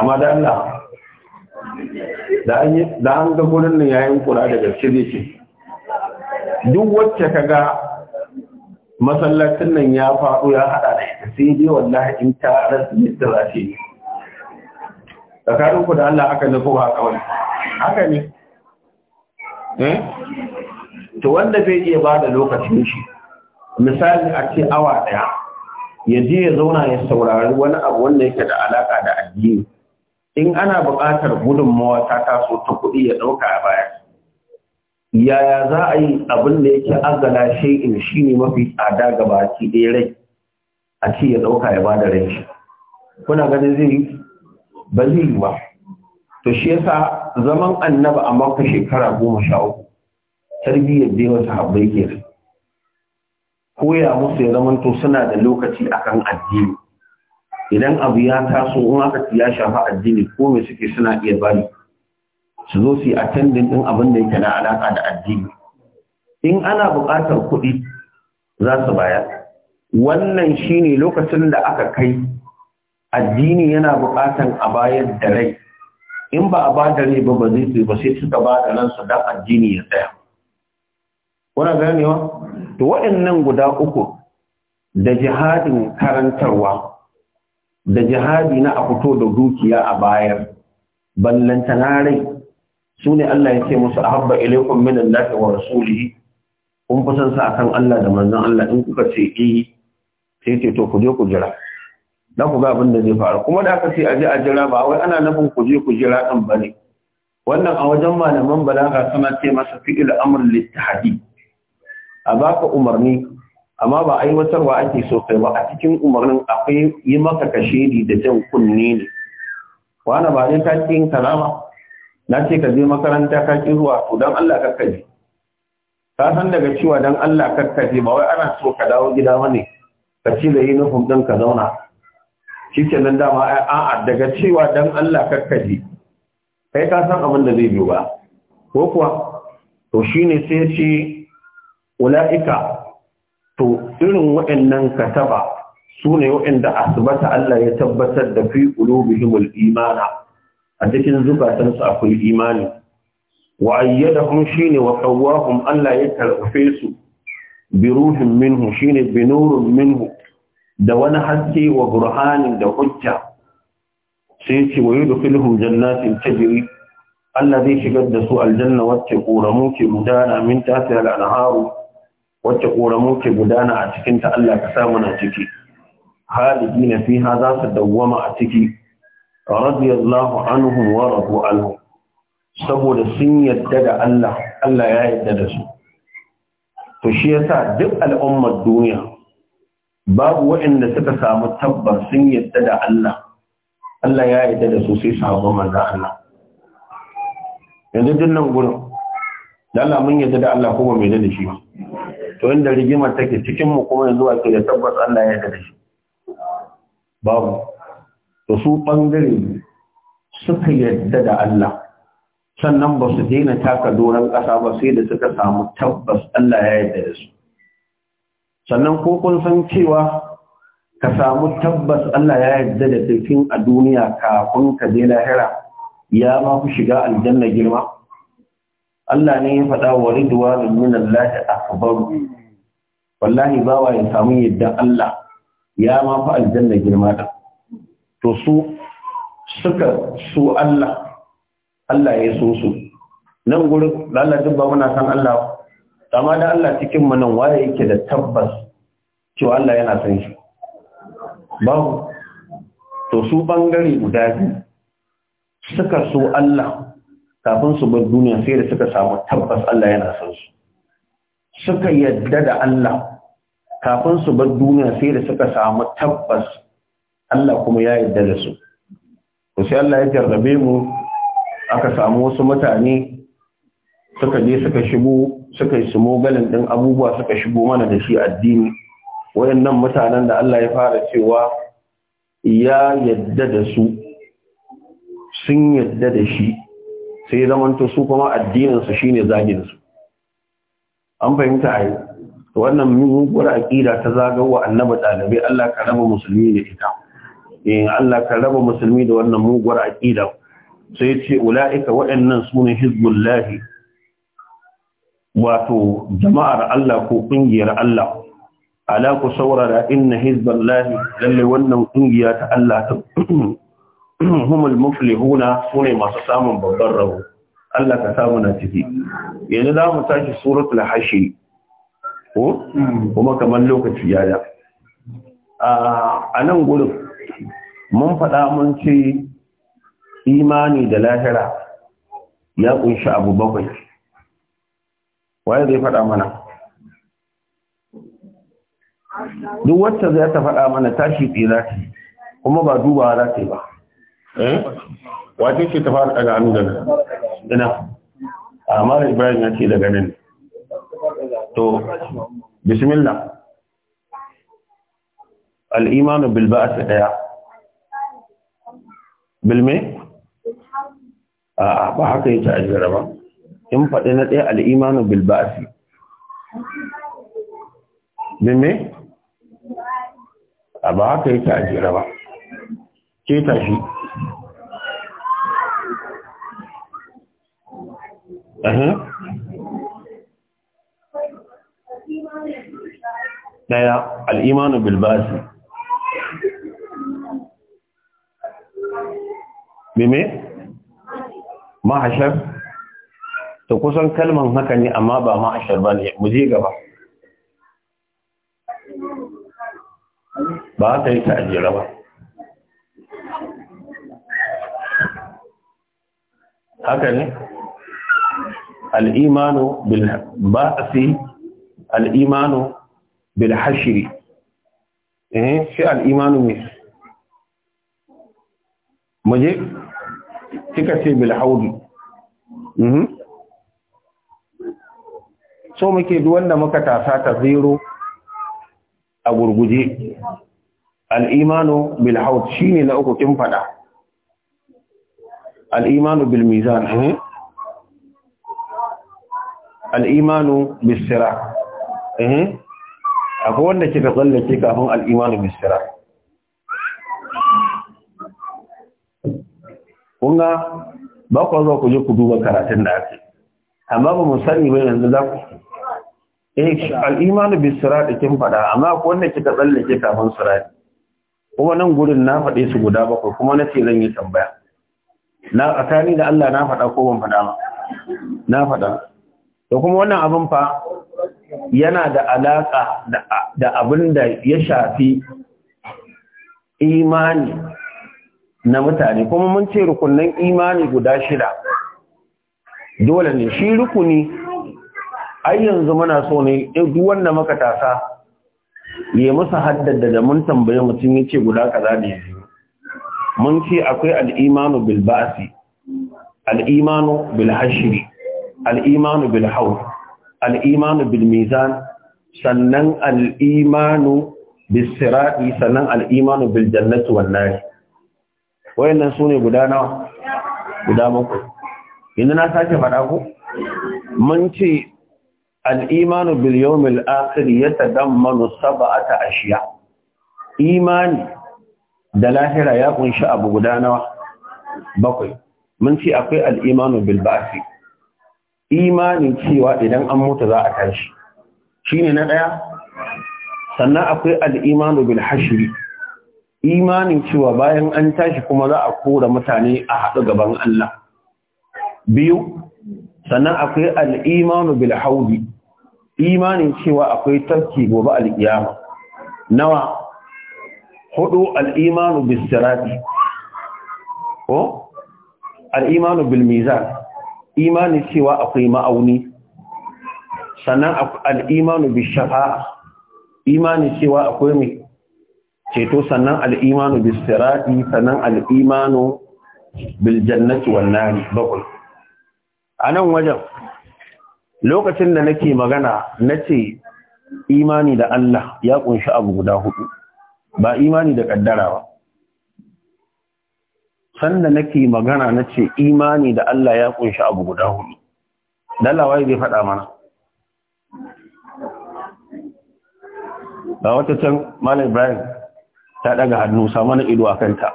amma da Allah da an ga gurin nan yayin ƙura da gaske zai ce duk wacce ka ga masallacin nan ya faɗo ya haɗa da ita sai dai wallahi in ta rasu yadda za ta yi tsakanin ku da Allah aka nufo ko kawai haka ne eh? to wanda bai iya ba da lokacin shi misali a ce awa daya ya je ya zauna ya saurari wani abu wanda yake da alaka da addini in ana buƙatar gudunmawa ta so ta kuɗi ya ɗauka a baya yaya za a yi abin da yake azala shai'in shi ne mafi tsada ga baki ɗaya rai a ce ya ɗauka ya ba da rai shi kuna ganin zai yi ba zai yi ba to shi yasa zaman Annabi a maka shekara goma sha uku tarbiyyar da wata habbai ke koya musu ya zamanto suna da lokaci akan addini idan abu ya taso in aka ya shafa addini ko me suke suna iya bari su zo su yi attending din abin da yake na alaka da addini in ana buƙatar kuɗi za su bayar wannan shine lokacin da aka kai addini yana buƙatan a bayar da rai in ba a ba da rai ba ba zai su ba sai suka ba da ransu don addini ya tsaya kuna ganewa to waɗannan guda uku da jihadin karantarwa da jihadi na a fito da dukiya a bayar ballantana rai su ne Allah ya ce musu ahabba ilaikum min Allah wa rasulihi kun fi san sa akan Allah da manzon Allah in kuka ce eh sai to ku je ku jira Na ku ga abin da zai faru kuma da aka ce a je a jira ba wai ana nufin ku je ku jira ɗin ba ne wannan a wajen malaman balaga suna ce masa fi'il amr littahadi a baka umarni amma ba aiwatarwa ake so kai ba a cikin umarnin akwai yi maka kashedi da jan kunne ne wani ba ne ka yin kalama na ce ka je makaranta ka ki zuwa to dan Allah kakkaje ka san daga cewa dan Allah kakkaje ba wai ana so ka dawo gida bane ka ci da yi nufin ɗin ka zauna shi ke nan dama a'a daga cewa don Allah karkaji kai ka san abin da zai biyu ba ko kuwa to shi ne sai ce ula'ika to irin waɗannan kataba su ne waɗanda asibata Allah ya tabbatar da fi ulubihimul imana a cikin zukatansu akwai imani wa ayyadahum shine wa qawwahum Allah ya karfe su Biruhin minhu shine Binurin minhu da wani haske wa burhanin da hujja sai ce wa filhun jannatin jiri, Allah zai shigar da su aljanna wacce koramu ke gudana min tafi al-anharu wacce koramu ke gudana a cikin ta Allah ka sa muna ciki halidina fiha za su dawwama a ciki radiyallahu anhu wa radu anhum saboda sun yadda da Allah Allah ya yadda da su to shi yasa duk al'ummar duniya babu waɗanda suka samu tabbas sun yadda da Allah Allah ya yadda da su sai sahabban manzan Allah yanzu dinnan gudun da Allah mun yadda da Allah kuma mai da shi to inda rigimar take cikinmu kuma yanzu ake da tabbas Allah ya yadda da shi babu to su ɓangare suka yadda da Allah sannan ba su daina taka doron ƙasa ba sai da suka samu tabbas Allah ya yadda da su sannan ko kun san cewa ka samu tabbas Allah ya yarda da tafin a duniya kafin ka je lahira ya ma ku shiga aljanna girma Allah ne ya faɗa wa ridwanun min Allah akbar wallahi bawa ya samu yadda Allah ya ma aljanna girma da to su suka su Allah Allah ya so su nan gurin Allah duk ba muna san Allah amma da Allah cikin mu nan waye yake da tabbas cewa Allah yana san shi babu to su bangare guda biyu suka so Allah kafin su bar duniya sai da suka samu tabbas Allah yana san su suka yadda da Allah kafin su bar duniya sai da suka samu tabbas Allah kuma ya yadda da su to sai Allah ya jarrabe mu aka samu wasu mutane suka je suka shigo suka yi smogalin ɗin abubuwa suka shigo mana da shi addini wayannan mutanen da Allah ya fara cewa ya yadda da su sun yadda da shi sai zamanta su kuma addininsu shine zaginsu an fahimta a yi wannan mugun aƙida ta zagawa annaba ɗalibai Allah ka raba musulmi da ita in eh, Allah ka raba musulmi da wannan muguwar aƙida sai ce ula'ika waɗannan sunan hizbullahi wato jama'ar Allah ko ƙungiyar Allah ala ku saurara inna hizballahi lalle wannan ƙungiya ta Allah ta humul muflihuna sune masu samun babban rabo Allah ka samu na ciki yanzu za mu tashi suratul hashi ko kuma kamar lokaci ya da a nan gurin mun faɗa mun ce imani da lahira ya ƙunshi abu bakwai waye zai faɗa mana duk wacce zai ta faɗa mana tashi tsira ta kuma ba duba za ta yi ba eh? wace ce ta fara daga hannu daga ina amma ibrahim ya ce daga nan to bismillah al'imanu bilba'asa ɗaya bilme a ba haka yake a ajiyar ba in faɗi na ɗaya al'imanu bilbasi dame a ba haka yake a jira ba ke tashi ɗaya al'imanu bilbasi bime mahashar to kusan kalman haka ne amma ba ma ashar ba ne mu je gaba ba ta yi ta ba haka ne al'imanu bil ba'asi al'imanu bil hashiri eh shi al'imanu ne mu je kika ce bil haudi mhm so muke duk wanda muka tasa ta zero a gurguje al'imanu bil haut shine na uku kin fada al'imanu bil mizan hmm? al'imanu bis sira hmm? akwai wanda ke da tsallake kafin al'imanu bis sira kunga ba ku zo ku je ku duba karatun da ake amma ba mu sani ba yanzu za ku Eh, al'imanu bi siraɗi kin faɗa amma wanda kika tsallake kafin siraɗi kuma nan gurin na faɗe su guda bakwai kuma na ce zan yi tambaya na tsakani da Allah na faɗa ko ban faɗa ma na faɗa da kuma wannan abin fa yana da alaƙa da abin da ya shafi imani na mutane kuma mun ce rukunin imani guda shida dole ne shi rukuni ai yanzu muna so ne eh, duk wanda muka tasa ya musu haddada da mun tambaye mutum yace guda kaza da mun ce akwai al-imanu bil ba'si al-imanu bil hashr al-imanu bil hawl al-imanu bil mizan sannan al-imanu bis sirati sannan al-imanu bil jannati wan nar wayannan sune guda nawa guda bakwai yanzu na sake faɗa ko mun ce al'imanu bil yawmil akhir yatadammanu sab'ata ashiya imani da lahira ya ƙunshi abu guda nawa bakwai mun ce akwai al'imanu bil imani cewa idan an mutu za a tashi shine na daya sannan akwai al'imanu bil hashri imanin cewa bayan an tashi kuma za a kora mutane a haɗu gaban Allah biyu sannan akwai al'imanu bil haudi imanin cewa akwai tarki gobe al'iyama nawa hudu al'imanu bil sirati ko al'imanu bil mizan imanin cewa akwai ma'auni sannan al'imanu bil shafa'a imanin cewa akwai mai ceto sannan al'imanu bil sirati sannan al'imanu bil jannati wannan bakwai a nan wajen lokacin da nake magana na ce imani da Allah ya kunshi abu guda hudu ba imani da kaddara ba sanda nake magana na ce imani da Allah ya kunshi abu guda hudu wai bai faɗa mana ba wata can malam ibrahim ta daga hannu samu na ido a kanta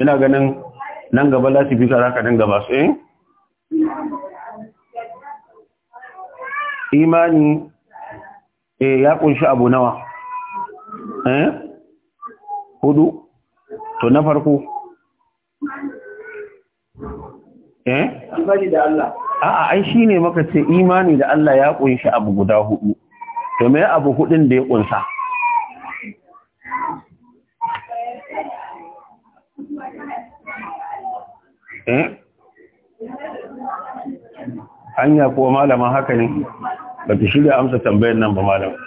ina ganin nan gaba lati fi ka za ka dinga ba su eh imani e ya kunshi abu nawa eh hudu to na farko eh imani da Allah a'a ai shine maka ce imani da Allah ya kunshi abu guda hudu to me abu hudun da ya kunsa eh hanya ko malama haka ne ba ta shirya amsa tambayar nan ba malama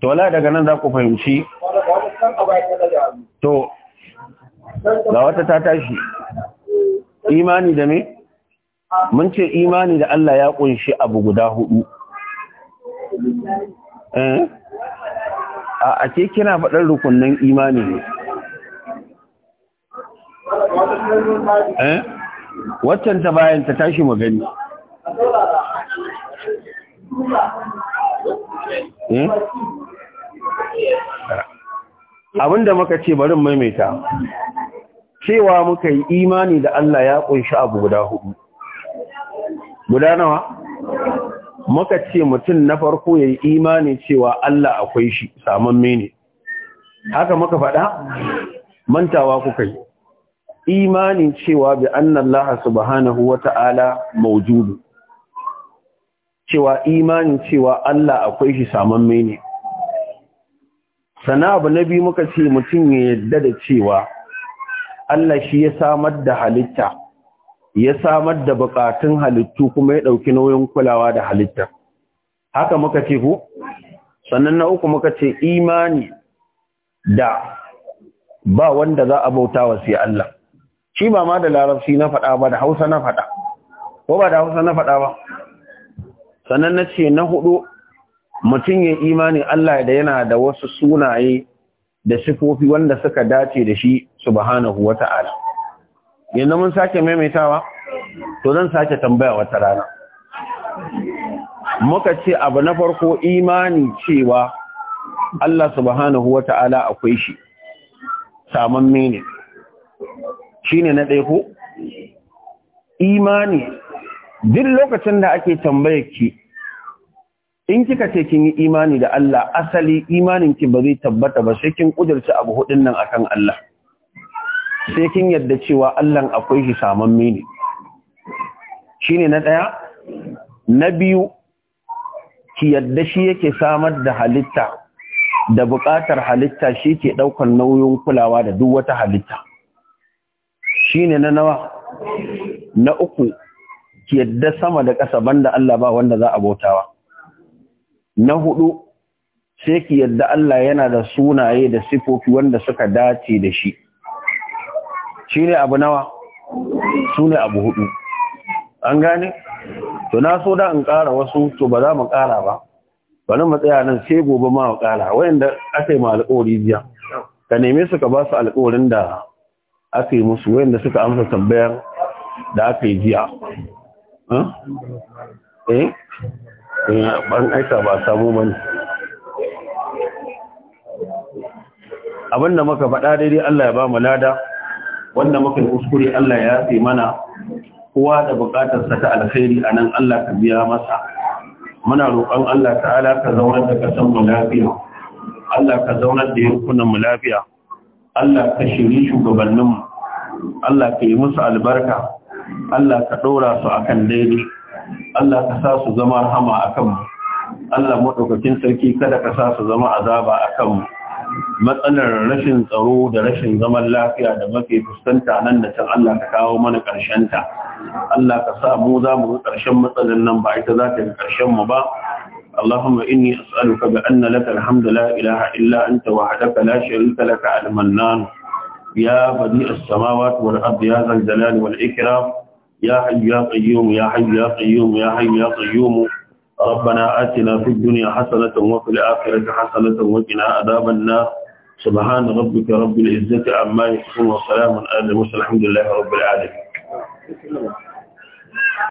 to wala daga nan za ku fahimci to ga wata ta tashi imani da me mun ce imani da Allah ya kunshi abu guda hudu eh a ce kina faɗar rukunnan imani ne eh waccan ta bayan ta tashi mu hmm? abinda muka ce bari maimaita cewa muka yi imani da Allah ya ƙunshi abu guda hudu guda nawa muka ce mutum na farko ya yi imani cewa Allah akwai shi saman mene haka muka faɗa mantawa kuka yi imanin cewa bi annan laha subhanahu wa ta'ala maujudu cewa imanin cewa Allah akwai shi saman mene sana abu na biyu muka ce mutum ya yadda da cewa Allah shi ya samar da halitta ya samar da bukatun halittu kuma ya ɗauki nauyin kulawa da halitta haka muka ce ku sannan na uku muka ce imani da ba wanda za a bauta wa sai Allah shi ba ma da larabci na faɗa ba da hausa na faɗa ko ba da hausa na faɗa ba sannan na ce na hudu mutum ya imani Allah da yana da wasu sunaye da sifofi wanda suka dace da shi subhanahu ta'ala yanzu mun sake maimaitawa to zan sake tambaya wata rana muka ce abu na farko imani cewa Allah subhanahu ta'ala akwai shi saman mene shine na ɗaya ko imani duk lokacin da ake tambayar ki in kika ce kin yi imani da Allah asali imanin ki ba zai tabbata ba sai kin kudurci abu hudun nan akan Allah sai kin yadda cewa Allah akwai shi Shi ne shine na ɗaya na biyu ki yadda shi yake samar da halitta da buƙatar halitta shi ke ɗaukar nauyin kulawa da duk wata halitta shine na nawa na uku ki yadda sama da ƙasa banda Allah ba wanda za a bautawa na hudu sai ki yadda Allah yana da sunaye da sifofi wanda suka dace da shi shine abu nawa sune abu hudu an gane to na so da in ƙara wasu to ba za mu ƙara ba bari mu tsaya nan sai gobe ma mu ƙara wayanda aka yi ma alƙawari jiya ka neme su ka ba su alƙawarin da aka yi musu wayanda suka amsa tambayar da aka yi jiya eh? eh ban aika ba samu mani abinda muka faɗa daidai Allah ya ba mu lada wanda muka kuskure Allah ya yafe mana kowa da buƙatarsa ta alkhairi a nan Allah ka biya masa muna roƙon Allah ta'ala ka zaunar da san mu lafiya Allah ka zaunar da yankunan mu lafiya Allah ka shiri shugabanninmu Allah ka yi musu albarka Allah ka ɗora su a akan daidai Allah ka sa su zama hama a kanmu, Allah maɗaukakin sarki kada ka sa su zama azaba akan kanmu. matsalar rashin tsaro da rashin zaman lafiya da mafi fuskanta nan da can Allah ka kawo mana ƙarshenta Allah ka sa mu za mu ƙarshen matsalar nan ba ita za ta yi ƙarshen mu ba اللهم إني أسألك بأن لك الحمد لا إله إلا أنت وحدك لا شريك لك المنان يا بديء السماوات والأرض يا ذا الجلال والإكرام يا حي يا قيوم يا حي يا قيوم يا حي يا قيوم ربنا آتنا في الدنيا حسنة وفي الآخرة حسنة وقنا عذاب النار سبحان ربك رب العزة عما يصفون وسلام على المرسلين الحمد لله رب العالمين